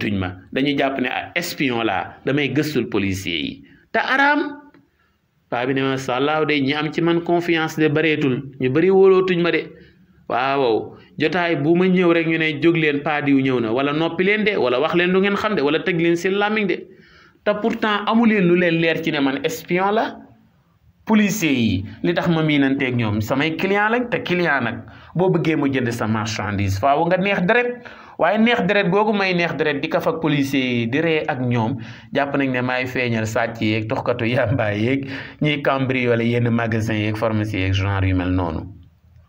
tuñ ma dañu jàpp ne a ah, espion laa damay gëstul policier yi te araam paa bi ne ma sàllaaw de ñi am ci man confiance de bareetul ñu bëri wóolootuñ ma de waaw jotaay bu ma ñëw rek ñu ne jóg leen paa diw ñëw na wala noppi leen de wala wax leen lu ngeen xam de wala teg leen seen làmmiñ de te pourtant amu leen lu leen leer ci ne man espion la policier yi li tax ma miinanteeg ñoom samay client lañ te client nag boo bëggee mu jënd sa marchandise faaw nga neex deret waaye neex deret googu may neex deret di kaf ak policier yi di ree ak ñoom jàpp nañ ne maay feeñal sàcc yeeg toxkatu yàmbaa yeeg ñiy cambriolé yenn magasin yeeg pharmacie yeeg genre yu mel noonu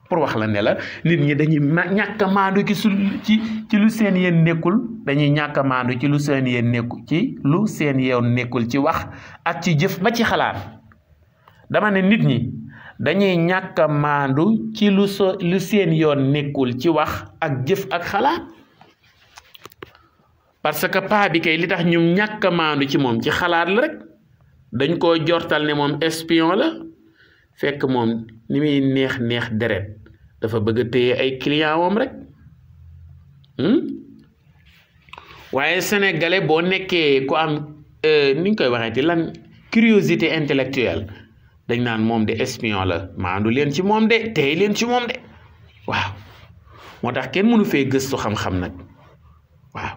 pour wax la ne la nit ñi dañuy ñàkk a maandu ci su ci lu seen yéen nekkul dañuy ñàkk a ci lu seen yéen nekku ci lu seen yoon nekkul ci wax ak ci jëf ba ci xalaat dama ne nit ñi dañuy ñàkk a ci lu seen yoon nekkul ci wax ak jëf ak xalaat parce que paa kay li tax ñu ñàkk a ci moom ci xalaat la rek dañ koo jortal ne moom espion la fekk moom ni muy neex neex deret dafa bëgg a téye ay client moom rek hmm? waaye sénégalais boo nekkee ku am euh, ni ñu koy waxee ti lan curiosité intellectuelle dañ naan moom de espion la maandu leen ci moom de tey leen ci moom de waaw moo tax kenn mënu fee gëstu xam-xam nag waaw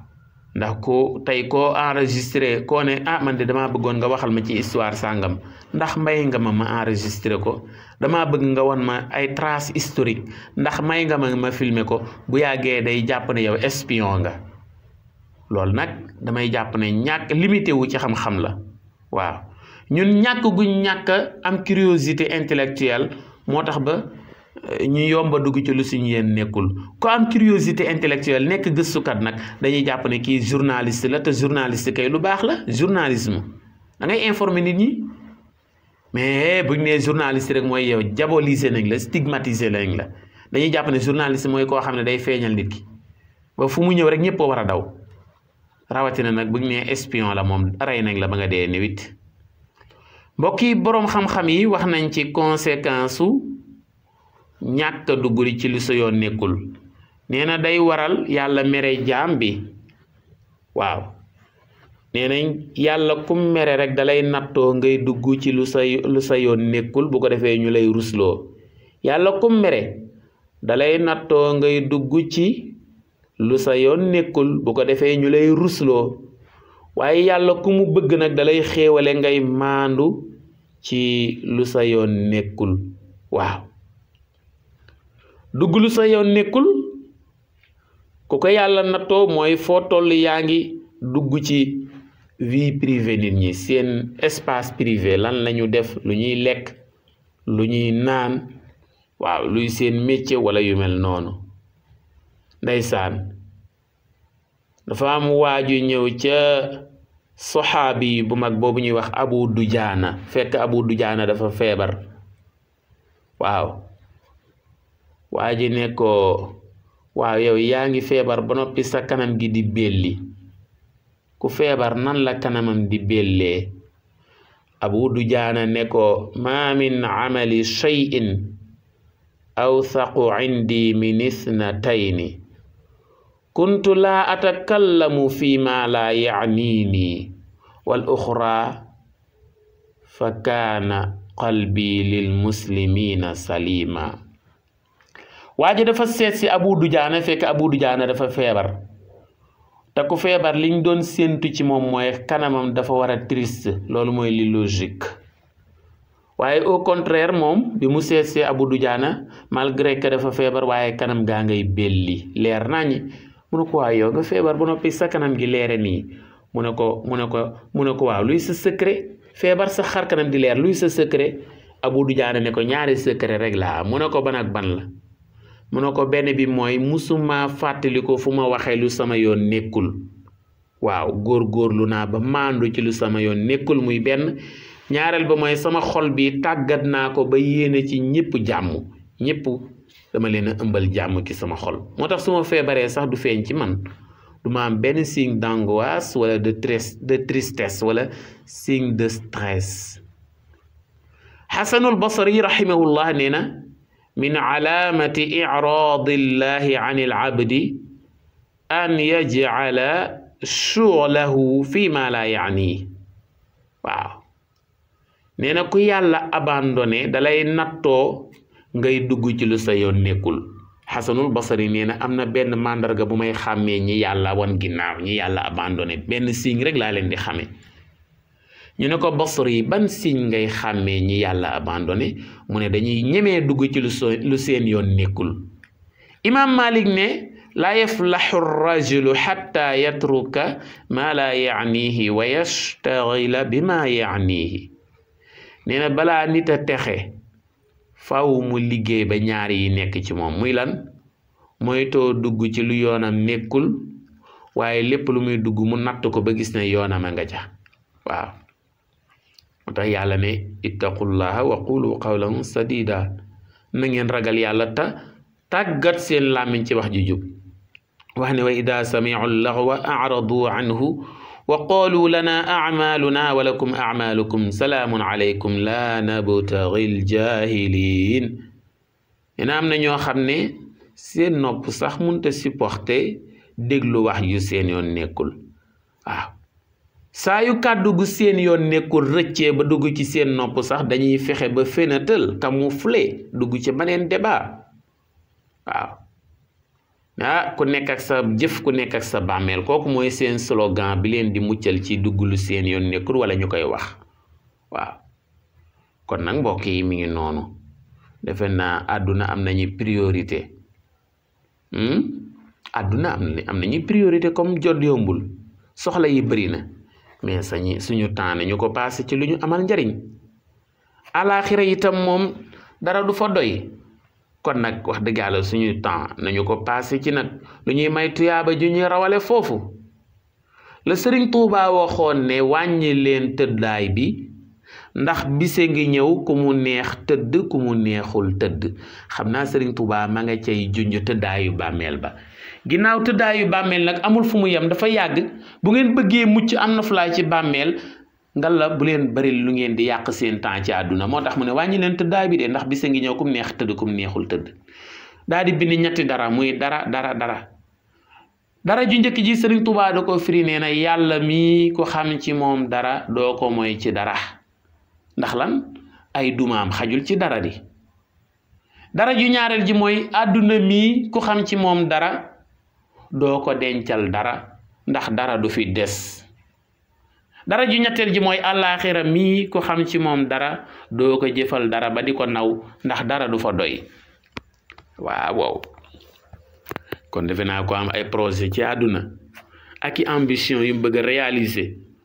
ndax ko tey ko enregistré koo ne ah man de damaa bëggoon nga waxal ma ci histoire sàngam ndax may nga ma ma enregistré ko damaa bëgg nga won ma ay trace historique ndax may nga ma ma filmer ko bu yàggee day jàpp ne yow espion nga loolu nag damay jàpp ne ñàkk limité wu ci xam-xam la waaw ñun ñàkk guñ ñàkk am curiosité intellectuelle moo tax ba euh, ñu yomba dugg ci lu suñu yéen nekkul ko am curiosité intellectuelle nekk gëstukat nag dañuy jàpp ne kii journaliste la te journaliste kay lu baax la journalisme da ngay informer nit ñi mais eh, bu ñu nee journaliste mooy yow diaboliser nañ la stigmatiser nañ la dañuy jàpp ne journaliste mooy koo xam ne day feeñal nit ki ba fu mu ñëw rek ñëpp a war a daw rawatina nag bu ñu nee espion la moom rey nañ la ba nga dee niwit mbokki boroom xam-xam yi wax nañ ci conséquence su ñàkk a dugg ci li sa yoon nekkul nee na day waral yàlla mere jaam bi waaw nee nañ yàlla kum mere rek dalay nattoo ngay dugg ci lu sa lu sa yoon nekkul bu ko defee ñu lay rusloo yàlla kum mere dalay nattoo ngay dugg ci lu sa yoon nekkul bu ko defee ñu lay rusloo waaye yàlla ku mu bëgg nag dalay xéewale ngay maandu ci lu sa yoon nekkul waaw dugg lu sa yoon nekkul ku ko yàlla nattoo mooy foo toll yaa ngi dugg ci vie privée nit ñi seen espace privé lan lañu def lu ñuy lekk lu ñuy naan waaw luy seen métier wala yu mel noonu ndeysaan dafa am waaju ñëw ca soxaabi bu mag boobu ñuy wax abu dujaana fekk abu dujaana dafa feebar waaw waa ne ko waaw yaa ngi feebar ba noppi sa kanam gi di belli ku feebar nan la kanamam di bellee abu dujaana ne ko maa min amali cheyin awsaqu indi min isnatayni kuntu la atakallamu fi ma laa yaaniini wal uxra fa kaana qalbi lil muslimina salima waa ji dafa seet si abu dujaana fekk abu dujaana dafa feebar te ku feebar liñ doon séentu ci moom mooy kanamam dafa war a triste loolu mooy li logique waaye au contraire moom bi mu seet see abu dujaana malgré que dafa feebar waaye kanam gaa ngay belli leer naa nañi mu ne ko waaw yow nga feebar ba noppi sa kanam gi leere nii mu ne ko mu ne ko mu ne ko waaw luy sa secret feebar sa xar kanam di leer luy sa secret abu dujaana ne ko ñaari secret rek laa mu ne ko ban ban la mu ne ko benn bi mooy musuma fàttali ko fu ma waxee lu sama yoon nekkul waaw góor-góorlu naa ba maandu ci lu sama yoon nekkul muy benn ñaareel ba mooy sama xol bi tàggat naa ko ba yéene ci ñépp jàmm ñépp dama leen a ëmbal jàmm ci sama xol moo tax suma feebaree sax du feeñ ci man du ma benn signe d'angoisse wala de tres de tristesse wala signe de stress xasanul basri rahimahullah nee na min alaamati icraadillahi an ilabdi an yajcala shughlahu fi ma la yaanii waaw nee na ku yàlla abandonné dalay nattoo ngay dugg ci lu sa yoon nekkul xasanul basari nee am na benn màndarga bu may xàmmee ñi yàlla wan ginnaaw ñi yàlla abandonné benn signe rek laa leen di xàmmee ñu ne ko basri ban signe ngay xàmmee ñi yàlla abandonné mu ne dañuy ñemee dugg ci lu lu seen yoon nekkul imaam Malik ne laa yaflaxu rajulu xatta yatruka maa laa yaanihi wa yastaxila bi maa yaanihi nee balaa nit a texe faaw mu liggéey ba ñaar yi nekk ci moom muy lan moytoo dugg ci lu yoonam nekkul waaye lépp lu muy dugg mu natt ko ba gis ne yoonam a nga ca waaw moo tax yàlla ne ittaqullaha wa qulu qawlan sadida na ngeen ragal yàlla ta tàggat seen làmmiñ ci wax ju jub wax ne wa ida samiu laxwa aradu anhu wa qaalu lana acmaaluna wa lakum acmaalukum salaamun aleykum laa nabtagi ljaahiliin ina am na ñoo xam ne seen noppu sax munta supporter déglu wax yu seen yoon nekkul waaw saa yu seen yoon nekkul rëccee ba dugg ci seen noppu sax dañuy fexe ba fénatal camoufler dugg ci beneen débat waaw ah ku nekk ak sa jëf ku nekk ak sa bàmmeel kooku mooy seen slogan bi leen di muccal ci dugg lu seen yoon nekkul wala ñu koy wax waaw kon nag mbokk yi mi ngi noonu defe naa àdduna am nañu priorité hmm? àdduna am na am nañu priorité comme jot yombul soxla yi bëri na mais sañi suñu temps nañu ko passé ci lu ñu amal njariñ alaaxira itam moom dara du fa doy kon nag wax dëgg yàlla suñu temps nañu ko passé ci nag lu ñuy may tuyaaba ju ñuy rawale foofu la sëriñ Tuubaa waxoon ne wàññi leen tëddaay bi ndax bise ngi ñëw ku mu neex tëdd ku mu neexul tëdd xam naa sëriñ Tuubaa ma nga cay junj tëddaayu bàmmeel ba ginnaaw tëddaayu bàmmeel nag amul fu mu yem dafa yàgg bu ngeen bëggee mucc am na fu ci bàmmeel ngal la bu leen bari lu ngeen di yàq seen temps ci àdduna moo tax mu ne wàññi leen tëddaay bi de ndax bisa ngi ñëw kum neex tëdd kum neexul tëdd daal di bind ñetti dara muy dara dara dara dara ju njëkk ji Sëriñ Tuubaa ko firi nee na yàlla mii ko xam ci moom dara doo ko moy ci dara ndax lan ay dumaam xajul ci dara di dara ju ñaareel ji mooy àdduna mii ku xam ci moom dara doo ko dencal dara ndax dara du fi des dara ju ñetteel ji mooy àllaaxira mii ku xam ci moom dara doo ko jëfal dara ba di ko naw ndax dara du fa doy waaw wow kon defe naa ko am ay projet ci àdduna ak i ambition yu mu bëgg a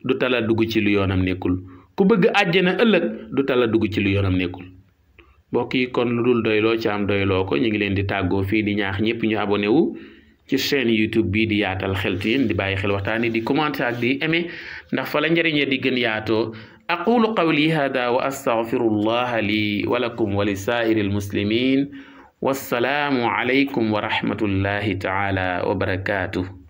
du tal a dugg ci lu yoonam nekkul ku bëgg àjjana ëllëg du tal a dugg ci lu yoonam nekkul mbokk yi kon lu dul doyloo ci am doyloo ko ñu ngi leen di tàggoo fii di ñaax ñëpp ñu abonné wu ci chaîne YouTube bii di yaatal xel ci di bàyyi xel waxtaan yi di commenter ndax fa la njëriñ ya di gën yaatoo aqulu qawli hada wa astaghfiru allaha li wa lakum wa li saa'iri almuslimin wassalaamu alaykum wa rahmatullahi taala wa barakaatuh